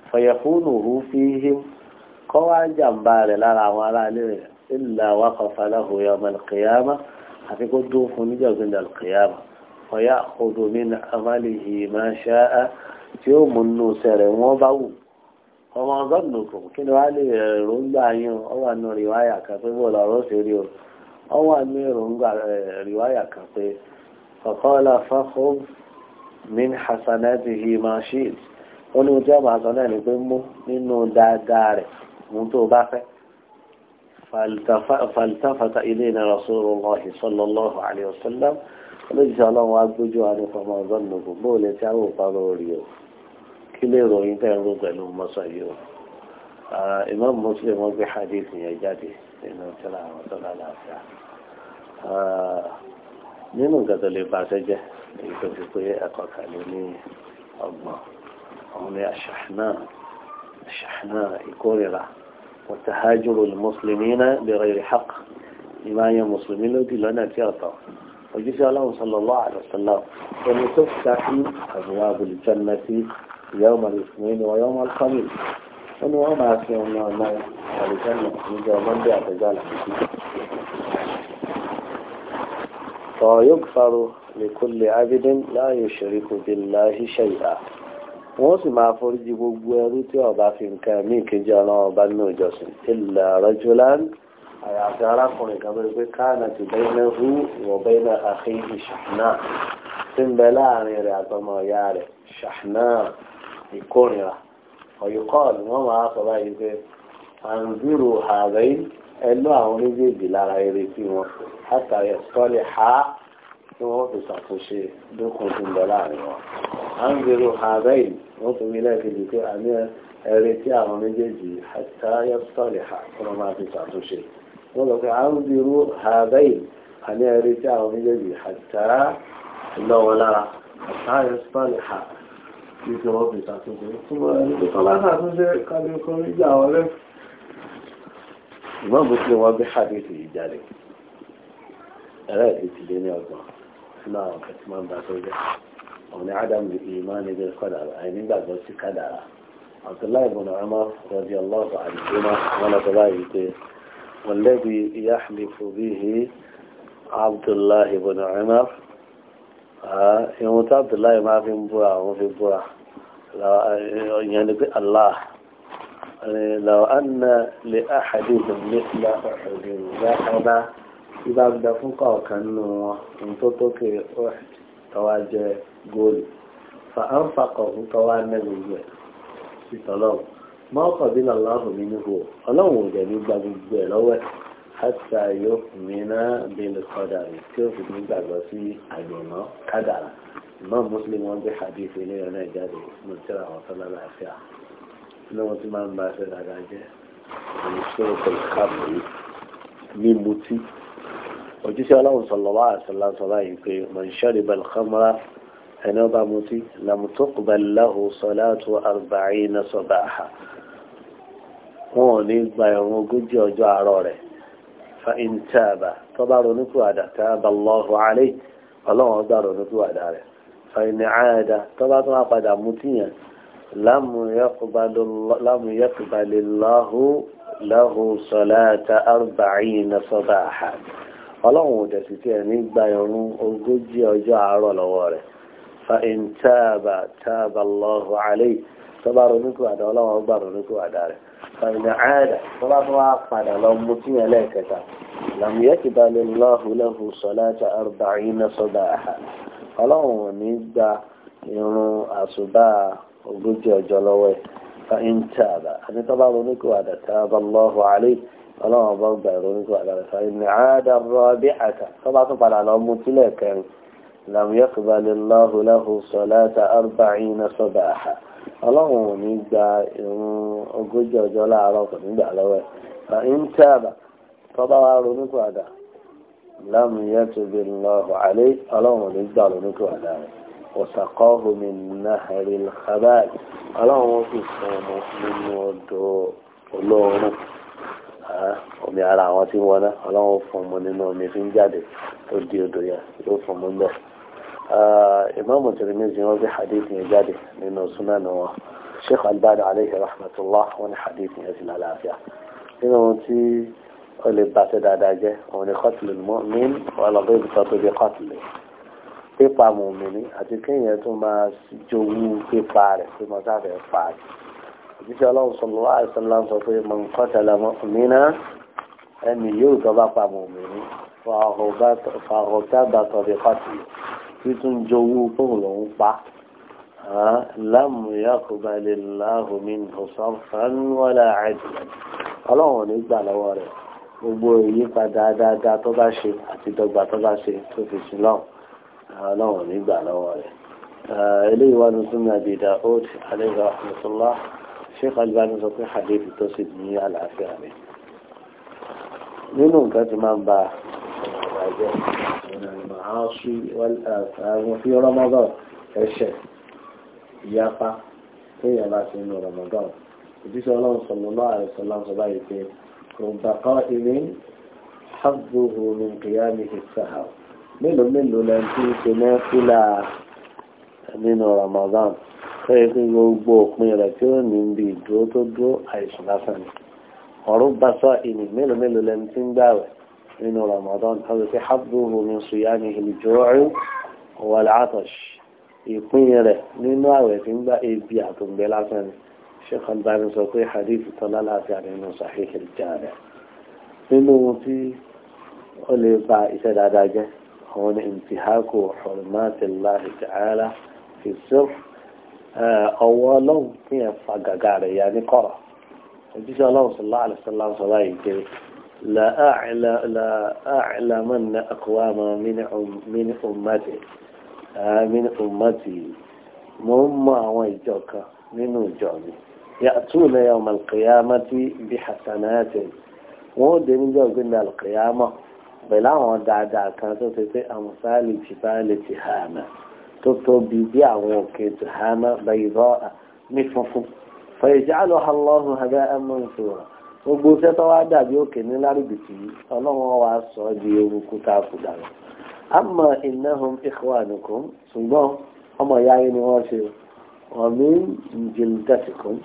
fọ̀yẹ̀kúnù hù fi him kọ́ wá jàǹbá rẹ̀ lára àwọn ará ilé rẹ̀ ilà wà kọfàlàhù yọmọ alkiyama àti kó dún fún níjọ̀gbìn alkiyama ọ̀yà ọdún mi ní amálìhì máa ṣáá tí ó mú nù sẹ̀rẹ̀ wọ́n bá wù ọmọ gọ́ọ̀nù kò kí ni wàá lè èròǹgbà eh, yín ọ wà nù rìwáyà kan pé bọ́ọ̀lù ọ̀rọ̀ ṣe rí o ọ wà nù èròǹgbà eh, rìwáyà kan pé ọ̀kọ́lá fáfọ́ min hasanatihi ma shi'it ó ní ojú ọmọ àtọ náà ni pé mú nínú dáadáa rẹ̀ mú tó bá fẹ́ faltafata ilayna rasulullahi sallallahu alayhi wa sallam olójijì ọlọ́run wa gbójú wa nípa ọmọ gọ́ọ̀nù kò bóòlù tí a wò parọ́ rí o kí lè ròyìn tẹ́ ń rò pẹ̀lú mọ́sá yìí o Imam Muslim wọ́n gbé hadith yẹn jáde nínú tẹ́lá àwọn tọ́lá làáfíà nínú nǹkan tó lè ba sẹ́jẹ́ èyí tó fi pé ẹ̀kọ́ kàlẹ́ ní ọgbọ̀n àwọn ní aṣàhánà aṣàhánà ìkórira wàtàhájúrò mùsùlùmí náà bẹ̀rẹ̀ ìhàq ìmáyẹ mùsùlùmí lódì lọ́nà tí ọ̀tọ̀ ojúṣe ọlọ́run sallallahu alaihi wasallam ẹni tó fi ká sí àbúwá abùlùjọ́nà sí يوم الاثنين ويوم الخميس انه ما في ما ما كان يجي يوم ما بيعتزل فيكفر لكل عبد لا يشرك بالله شيئا موسى ما فرج بغبوه تي ابا في كامي كجانا بنو جسن الا رجلا اي اعتبر كون كبر كان بينه وبين اخيه شحناء غير رياضة ما ياري شحناء ìkórìíra ọ̀yùkọ́ọ̀lù wọ́n máa sọ báyìí pé àǹzírò ààrẹ́yìn ẹlú àwọn oníjèèjì lára eré tí wọn látàrí ẹ̀sọ́lẹ̀ ha tí wọ́n fi ṣàtúnṣe dókun tó ń bẹ láàrin wọn. àǹzírò ààrẹ́yìn wọ́n tún rí lẹ́ẹ̀kejì pé àmì eré tí àwọn oníjèèjì látàrí ẹ̀sọ́lẹ̀ ha tí wọ́n máa fi ṣàtúnṣe. wọ́n lọ pé àǹzírò ààrẹ́yìn àmì eré tí àwọn oníjèèjì látàrí ẹ̀sọ́lẹ̀ ha ìfẹ́ ọ̀bẹ̀ ìtàkùnjẹ́ fún ọ̀rọ̀ ẹni tó kọ́lá náà tó jẹ́ kálẹ̀ kan rí ìjà ọ̀rẹ́ ìmọ̀ bó tilẹ̀ wọ́n gbé hadith yìí jáde ẹ̀rẹ́ ìdíjì lé ní ọgbọ̀n sínú àwọn kan tí máa ń bá tó jẹ́ ọ̀nà ádámù ìmọ̀ ní bẹ́ẹ̀ kádàrá àìní gbàgbọ́ sí kádàrá abdullahi ibn umar والذي يحلف به عبد الله بن عمر ìwọ̀n tí abdullahi máa fi ń búra àwọn ìyẹn ni pé allah làwọn àna lè àhàdé ìdánilẹ́sílá fa ànfàkọ̀ fún tọ́wá nẹ́gbẹ̀gbẹ̀ sí tọ́lọ́wọ́ mọ́kàn bí lọ́láhùn mi níbo ọlọ́run ò jẹ̀bi imam muslim wọn bí hadith ilé yẹn náà jáde mo tẹ́ra àwọn sọ́lá láàfíà ní wọn ti máa ń bá ṣe dáadáa jẹ́ àwọn ìṣòro pẹ̀lú káàbù yìí ní mutí òjíṣẹ́ ọlọ́run sọ̀lọ́wọ́ àṣàlá sọ́lá yìí pé man shariba al-khamra ẹni ọba mutí lam tuqbal lahu salatu arba'ina sabaha wọn ò ní gba ẹ̀wọ̀n ogójì ọjọ́ àárọ̀ rẹ̀ fa in taaba tọ́ba ronúkú àdàtà ballahu alayhi ọlọ́run ọgbà ronúkú àdà fàìní àádá tó bá tún wá padà mú tíyàn láàmú yẹ́kùbalè láhù láhù sọ̀láta arba'in na sọ́bà àhà ọlọ́run ò dẹ̀sí tí ẹ̀ nígbà ìrun ogójì ọjọ́ àárọ̀ lọ́wọ́ rẹ̀ fa'in táàbà táàbà lọ́hù àlẹ́ tó bá ronúkú àdá ọlọ́run ọgbà ronúkú àdá rẹ̀ fàìní àádá tó bá padà lọ mú tíyàn lẹ́ẹ̀kẹta láàmú yẹ́kùbalè láhù láhù sọ̀láta arba'in na sọ́bà àhà ọlọ́run ò ní gba irun àṣùbà ogójì ọjọ́ lọ́wọ́ ẹ̀ fa in taaba àti tọ́ba ronúkú àdàtà bọ́lọ́hù àlẹ́ ọlọ́run ọba gba ìrònúkú àdàtà ìní àádọ́rọ́ bí àtà tọ́ba tún padà lọ mú sílẹ̀ kẹrin lam yaqbal Allahu lahu salata arba'ina sabaha ọlọ́run ò ní gba irun ogójì ọjọ́ láàárọ̀ kò ní gbà lọ́wọ́ ẹ̀ fa in tọ́ba wa ronúkú àdàtà lámìyẹ tó bí lọ́ọ̀bù alẹ́ ọlọ́run lè gbà lónìí tó àdá rẹ̀ ọ̀sàkọ́hù mi náhẹ̀rì lọ́bàá ọlọ́run ó sì fún ọmọ nínú ọ̀dọ̀ olóorun omi ara àwọn tí wọ́n ná ọlọ́run fún ọmọ nínú omi fi ń jáde tó di odò yẹn yóò fún ọmọ bẹ́ẹ̀. ìmáàmù Tirmidhi wọ́n fi hadith yẹn jáde nínú súnánù wọn Sheikh Albani alayhi rahmatullah wọ́n ní hadith yẹn sì lálàáfíà nínú ohun ó lè bá ṣe dáadáa jẹ́ òun ni kọ́tìlì mọ́ mí ọlọ́gbẹ́ ìbùsọ̀ tó di kọ́tìlì pípa mùmìnì àti kéèyàn tó máa jowú pípa rẹ̀ pé mo sáfẹ́ pa á òjíṣẹ́ ọlọ́run sọ̀rọ̀ wá àìsànlá sọ pé mo ń kọ́tìlì mọ́mìnà ẹni yóò tọ́ bá pa mùmìnì fàhọ́tà bàtọ̀ di kọ́tìlì títún jowú fóun lòún pa á. لم يقبل الله منه صرفا ولا عدلا الله نقبل ورث gbogbo ìyípadà dáadáa tó bá ṣe àti dọ́gba tó bá ṣe tó fi sí lọ́wọ́ ọlọ́run nígbà lọ́wọ́ rẹ̀ eh, eléyìí wà ní súnmọ́ Abi Daud alayhi rahmatullah Sheikh Albani sọ pé hadith tó sì ní àlàáfíà rẹ̀ nínú nǹkan tí máa ń ba ìbàjẹ́ àásù àwọn fi Ramadan ẹ̀ṣẹ̀ ìyapa tó yẹ láti inú Ramadan òjíṣẹ́ ọlọ́run sallallahu alaihi wasallam sọ báyìí pé رب قائم حظه من قيامه السهر mélòó mélòó la ti ń ṣe náfìlà nínú Ramadan fẹ́ẹ́ fi gbogbo òpin rẹ̀ tí ó ní bí ìdúró tó dúró àìsàn lásán ni ọ̀rọ̀ bá sọ ìní mélòó mélòó la ti ń gbàwẹ̀ nínú Ramadan ọ̀rọ̀ sí habduhu min suyani ìjọ́rú wal atash ìpín rẹ̀ nínú àwẹ̀ tí ń gbà ebi àtòǹgbẹ lásán ni. Sheikh Albani sọ pé hadith tọ́lá láti àdínú Sahih al-Jami' nínú ohun tí ó lè ba iṣẹ́ dáadáa jẹ́ àwọn ní intihaku hurmatillahi ta'ala fi sirr ọwọ́ ọlọ́run ní ẹ̀fà gàgà rẹ̀ ya ní kọ̀rọ̀ òjíṣẹ́ ọlọ́run sallallahu alaihi wasallam sọ báyìí pé la'a'lamanna aqwama min um, ummati min ummati mo ń mọ àwọn ìjọ kan nínú ìjọ mi. يأتون يوم القيامة بحسنات ودين جو قلنا القيامة بلا ودع دع كانت تتي أمثال جبال تهامة تكتب بيبيع وكي تهامة بيضاء مففو فيجعلها الله هباء منثورا gbogbo iṣẹ́ tó wá dàbí òkè ní lárúbìtì ọlọ́run wa أما إنهم إخوانكم ewu أما kúdàrú àmọ́ innahum ikhwanukum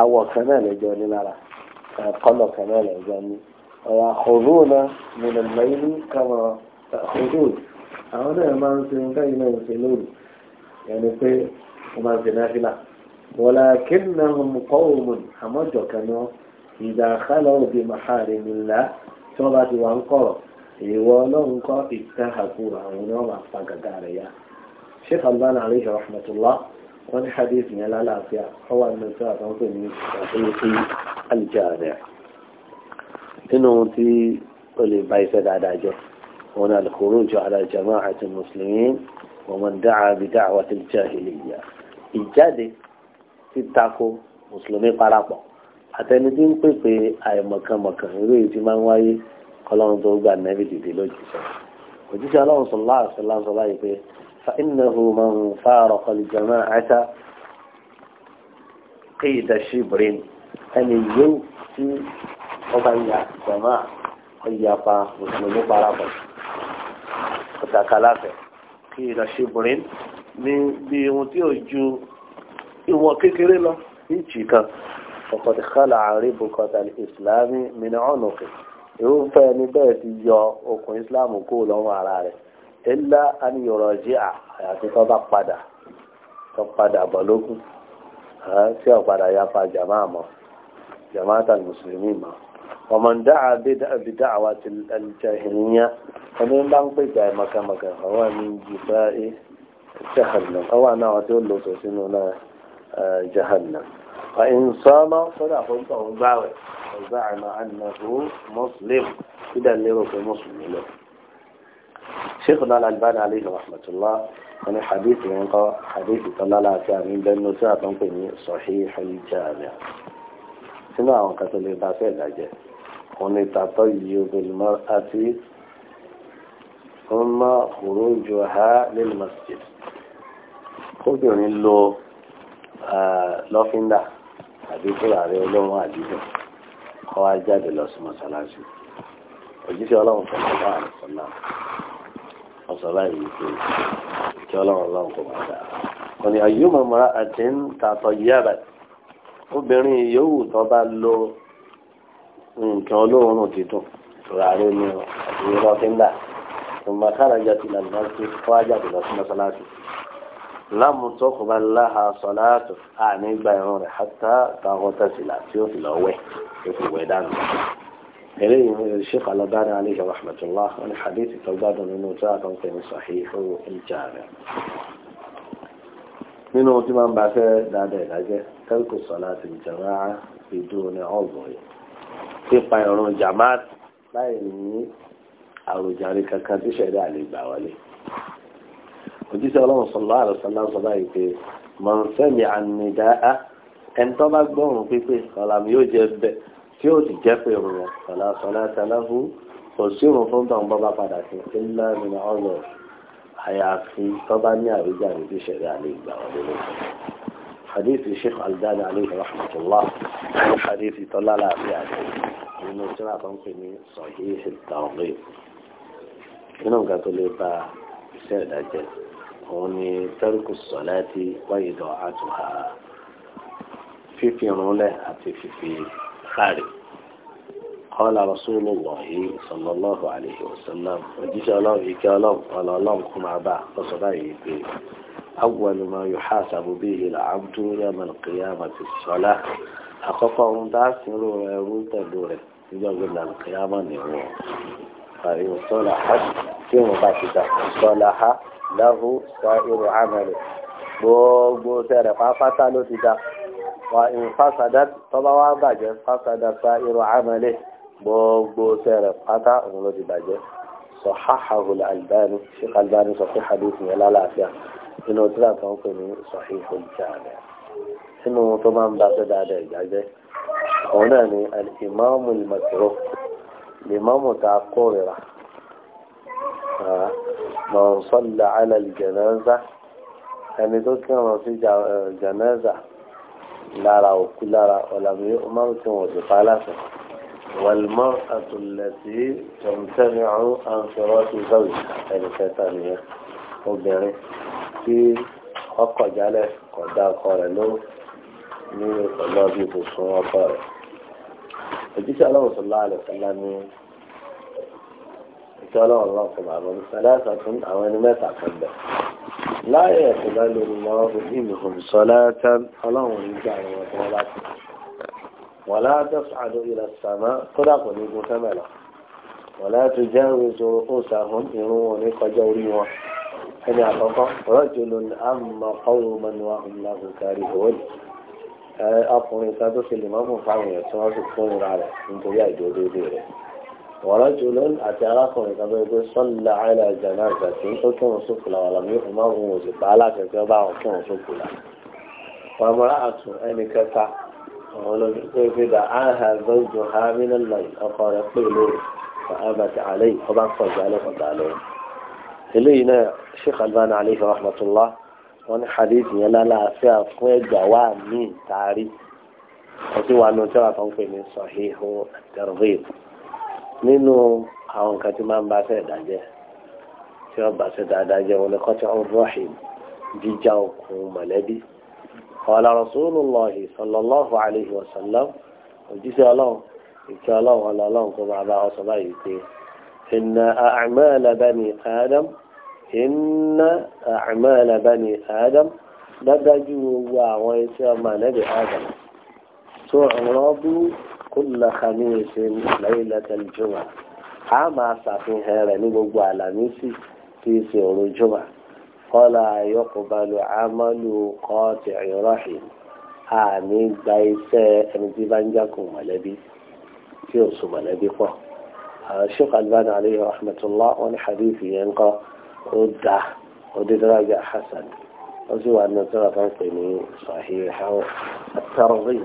àwọ̀ kan náà lẹ́jọ́ ní lára kọ́lọ̀ kan náà lẹ́jọ́ ní ọ̀rọ̀ àkọ́rọ́ náà nílẹ̀ lẹ́yìn kọ́mọ àkọ́rọ́ àwọn náà máa ń ṣe nǹkan yìí náà ń ṣe lóru ẹni pé wọ́n máa ń ṣe náà fílà ولكنهم قوم حمجوا كانوا إذا خلوا بمحارم الله توبة وانقروا يوالون قا اتهكوا عنهم فقداريا شيخ البان عليه رحمة الله wọ́n ní hadith yẹn lálàáfíà ọwọ́ àmì tí wọ́n pè ní àtúnyẹ sí alìjáde nínú ohun tí ó lè bá iṣẹ́ dáadáa jẹ́ wọn ni al-khuruju ala jama'ati muslimin wa man da'a bi da'wati al-jahiliyya ìjáde ti tako mùsùlùmí parapọ̀ àtẹni tí ń pèpè àìmọ̀kànmọ̀kàn irú èyí máa ń wáyé kọlọ́run tó gbà nẹ́bì dìde lójijì òjíṣẹ́ ọlọ́run sallallahu alaihi wasallam sọ pé فإنه من فارق الجماعة قيد شبر أن يوتي ومن يعتمع قيقا مسلم برابا وتكلافه قيد شبر من بيوتي وجو إيوه كيكري له إيشيكا فقد خلع ربقة الإسلام من عنقه يوفى نبات يا أكو إسلام كولهم على رأيه ilá aniyọ̀rọ̀ jẹ́ àyàfi tó bá padà tó padà bọ̀ lógún tí ó padà ya fa jama mọ́ jama tal mùsùlùmí mọ́ ọmọ ń dáa bí dáa wa ti aljahiliya ọdún bá ń pè jáì makamaka àwọn ní jùlọ ẹ jahannam àwọn náà wọ́n tó lọ sọ sínú náà jahannam fa in sọ́mọ́ sọ́dọ̀ àfọ́ńtọ̀ ń gbáwẹ̀ ọ̀gbà àmà ànàfó mùsùlùmí ìdánilérò pé mùsùlùmí lọ. شيخنا الألباني عليه رحمة الله من حديث من حديث طلالة كامل بأنه سأتنقني صحيح الجامع سمع وقتل إضافة لجه هنا تطيب المرأة ثم خروجها للمسجد obìnrin lo lọ́fíńdà àbí fúlàrí olóhùn àdídùn kọ́ wá jáde lọ sí mọ́sálásí òjíṣẹ́ ọlọ́run sọ̀rọ̀ bá àrùn sọ̀rọ̀ ọ̀sọ̀ báyìí wípé kí ọlọ́run ọlọ́run kò máa dáa kò ní ayé mọ̀mọ́ra àti ń tàtọ̀ yí àbá obìnrin yòówù tó bá lo nǹkan olóòórùn dídùn tùràrí ni àdúgbò náà ti ń dà tùmọ̀ kára jẹ́ ti lànà sí fọ́ ajá tó lọ sí mọ́sálásí lámùtọ́ kò bá láha sọ̀láàtù àní gba ìrún rẹ̀ hátà táwọn tẹ̀sílà tí ó fi lọ wẹ̀ ó fi wẹ̀ dànù. إليه الشيخ الألباني عليه رحمة الله الحديث توجد منه جاء من صحيح الجامع منه تمام بعث دادا الأجل ترك صلاة الجماعة بدون عضو في قيرون الجماعة لا يمني أو جارك كان تشهد على الباولي وجيس الله صلى الله عليه وسلم صلى من سمع النداء أن تبقى بهم في فيه قلم يجب tí ó sì jẹ́ pé òun yẹn sọ̀lá sọ̀lá sàláhù kò sí òun fún tọ̀hún bọ́ bá padà sí ńlá nínú ọ̀nà àyàfi tó bá ní àríjà ní bí ṣẹ̀rí àlè ìgbà wọlé lóṣù. حديث الشيخ الباني عليه رحمة الله حديث طلال يعني من سنة تنقيني صحيح الترغيب inú nǹkan tó lè ba iṣẹ́ ìdájẹ́ òun ni tẹ́rùkù sọ̀láti wáyé dọ̀ àtúnhà fífi irun àti fífi káre kọ́lá Rasulullah sallallahu alayhi wa sallam òjíṣẹ́ ọlọ́run ìkẹ́ ọlọ́run ọlọ́run kò máa bá lọ́sọ̀ báyìí pé awwal ma yuhasabu bihi al-abdu yawm al-qiyamati as-salah àkọ́kọ́ ohun tá a ẹrú pẹ̀lú rẹ̀ níjọ́ gbẹ̀dẹ̀ al-qiyamah nìwọ̀n فإن صلحت كم باتتا صلح له سائر عمله gbogbo sẹ́rẹ̀ pápátá ló ti dá وإن فسدت طبعا باجة فسد سائر عمله بوبو سير قطع ولد باجة صححه الألباني شيخ الألباني صحيح حديثي لا لا أفيا إنه ترى ممكن صحيح الجامع إنه طبعا بعد ذلك باجة هنا الإمام المكروه الإمام تعقور رحمه من صلى على الجنازة يعني دوت كان في جنازة lára òkú lára ọ̀làmì máa ń tí wọ́n ti pa aláṣẹ. wàlmọ́ àtúnlẹ̀tì tọ̀mùtẹ́mi àrùn àǹfẹ̀rọ̀ ti zọ́ọ̀lù ẹni kẹta nìyẹn obìnrin tí ọkọ̀ jálẹ̀ kọ̀dá ọkọ rẹ̀ lóhùn ní ọ̀nà bí ibùsùn ọkọ rẹ̀. òjíṣẹ́ aláwọ̀ sọ̀lá àlẹ́ sọ̀lá ní ìṣẹ́ ọlọ́run lọ́kùnrin àwọn ẹni mẹ́ta kan bẹ̀ láyé ẹ̀kọ́lá ló ń lọ ìmìhùn sọ́láta ọlọ́run nígbà àwọn tó wọ́n láti wọ́n láti sàdó ilẹ̀ sàmá kódà kò ní gun sẹ́mẹ̀ lọ wọ́n láti jẹ́ ìrìnzò òsàhún irun wọn ní kọjá orí wọn ẹni àkọ́kọ́ rọ́jòló ní àmọ́ ọ̀rọ̀ mọ́nìwá ọ̀làhùn kárí òwòlì ọkùnrin kan tó ṣe lè mọ́mù fáwọn èèyàn tí wọ́n sì fún ìra rẹ̀ nítorí àìdó wọ́rọ̀ jùlọ àti arákùnrin kan bẹ́ẹ̀ pé sọ́lá àìlà ìjànà àgbà tí ó kírun sókùlà wà lọ́mí ìmọ̀ òun ò sì pa aláṣẹ tí ó bá wọn kírun sókùlà. pàmòrà àtún ẹni kẹta àwọn olóyún pé pé bá a ha gbọ́njọ ha mínà láì ọkọ rẹ̀ pé lórí fa abàtì àlẹ́ yìí ọba ń kọ̀ ìjà lẹ́kọ̀ọ́ dà lórí. eléyìí náà sheikh albani alayhi rahmatullah wọn ní hadith yẹn lálàáfíà fún ẹgbà wa míì taari ọtí wa nù tí wàá tó ń pè ní sahihu at-targhib nínú àwọn nǹkan tí máa ń bá fẹ́ dájẹ́ tí wọ́n bá fẹ́ dáadáa jẹ́ wọn lẹ́kọ́ tí wọ́n rọ́ọ̀hìn jíjà okùn mọ̀lẹ́bí ọ̀la Rasulullahi sallallahu alayhi wa sallam òjíṣẹ́ ọlọ́run ìkẹ́ ọlọ́run ọlọ́run kó máa bá ọsọ báyìí pé inna a'mala bani Adam inna a'mala bani Adam dájú gbogbo àwọn iṣẹ́ ọmọ ànẹ́bì Adam kúlọ̀ kàmíyèsí lẹ́yìn lẹ́tẹ̀lẹ́ jùmọ̀ a máa ṣàfihàn rẹ̀ ní gbogbo àlàmísì tí í ṣe òru jùmọ̀ kọ́lá ayọ́kùnbalù amálù kọ́ọ̀tì ìrọ́hìn àmì gba iṣẹ́ ẹni tí bá ń jákun mọ̀lẹ́bí tí ò sùn mọ̀lẹ́bí pọ̀ ṣùkọ́ albani aleyhi rahmatullah wọn ní hadithi yẹn kọ́ ó dá ó dé daraja hasan ó sì wà ní ọjọ́ àtàkùn ní sahih àwọn àtàrọ̀rìn.